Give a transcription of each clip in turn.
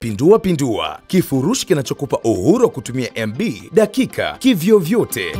Pindua pindua, kifurushi kinachokupa uhuru wa kutumia MB dakika kivyovyote.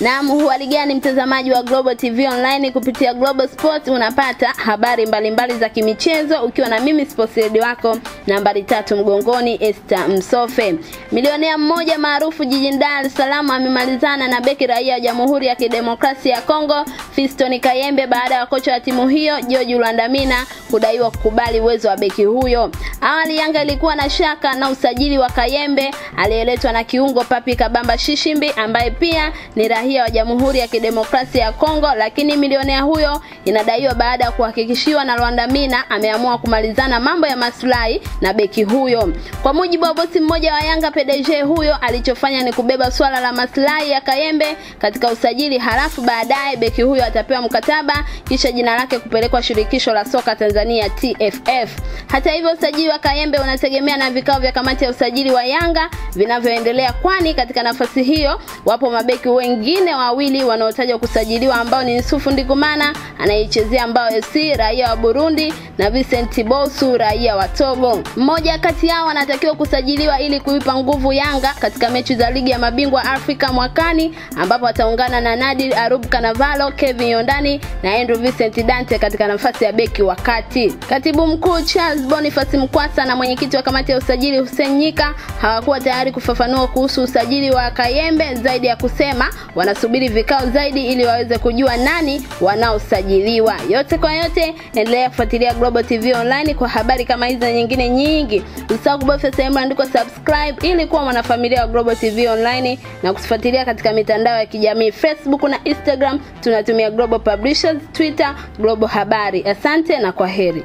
Naam, huhali gani mtazamaji wa Global TV Online? Kupitia Global Sport unapata habari mbalimbali za kimichezo ukiwa na mimi sports lady wako nambari tatu mgongoni Esther Msofe. Milionea mmoja maarufu jijini Dar es Salaam amemalizana na beki raia wa Jamhuri ya Kidemokrasia ya Kongo Fiston Kayembe baada ya kocha wa timu hiyo George Lwandamina kudaiwa kukubali uwezo wa beki huyo. Awali Yanga ilikuwa na shaka na usajili wa Kayembe aliyeletwa na kiungo Papi Kabamba Shishimbi ambaye pia ni raia raia wa Jamhuri ya Kidemokrasia ya Kongo, lakini milionea huyo inadaiwa baada ya kuhakikishiwa na Rwanda Mina ameamua kumalizana mambo ya maslahi na beki huyo. Kwa mujibu wa bosi mmoja wa Yanga, PDG huyo alichofanya ni kubeba swala la maslahi ya Kayembe katika usajili, halafu baadaye beki huyo atapewa mkataba kisha jina lake kupelekwa shirikisho la soka Tanzania TFF. Hata hivyo, usajili wa Kayembe unategemea na vikao vya kamati ya usajili wa Yanga vinavyoendelea, kwani katika nafasi hiyo wapo mabeki wengi wengine wawili wanaotajwa kusajiliwa ambao ni Nsufu Ndigumana anayechezea Mbao FC raia wa Burundi na Vincent Bosu raia wa Togo. Mmoja kati yao anatakiwa kusajiliwa ili kuipa nguvu Yanga katika mechi za ligi ya mabingwa Afrika mwakani ambapo ataungana na Nadir Arub Kanavalo, Kevin Yondani na Andrew Vincent Dante katika nafasi ya beki wa kati. Katibu mkuu Charles Boniface Mkwasa na mwenyekiti wa kamati ya usajili Hussein Nyika hawakuwa tayari kufafanua kuhusu usajili wa Kayembe zaidi ya kusema wanasubiri vikao zaidi ili waweze kujua nani wanaosajiliwa. Yote kwa yote, endelea kufuatilia Global TV Online kwa habari kama hizi na nyingine nyingi. Usisahau kubofya sehemu andiko subscribe ili kuwa mwanafamilia wa Global TV Online na kusifuatilia katika mitandao ya kijamii Facebook na Instagram. Tunatumia Global Publishers, Twitter, Global Habari. Asante na kwa heri.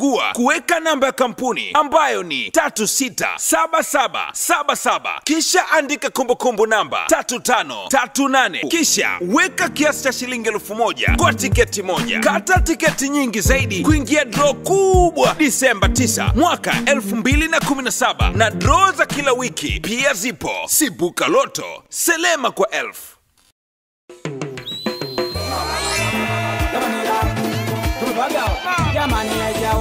chagua kuweka namba ya kampuni ambayo ni 367777 kisha andika kumbukumbu namba 3538 kisha weka kiasi cha shilingi 1000 kwa tiketi moja kata tiketi nyingi zaidi kuingia dro kubwa disemba 9 mwaka 2017 na dro za kila wiki pia zipo sibuka loto selema kwa elf. Jamani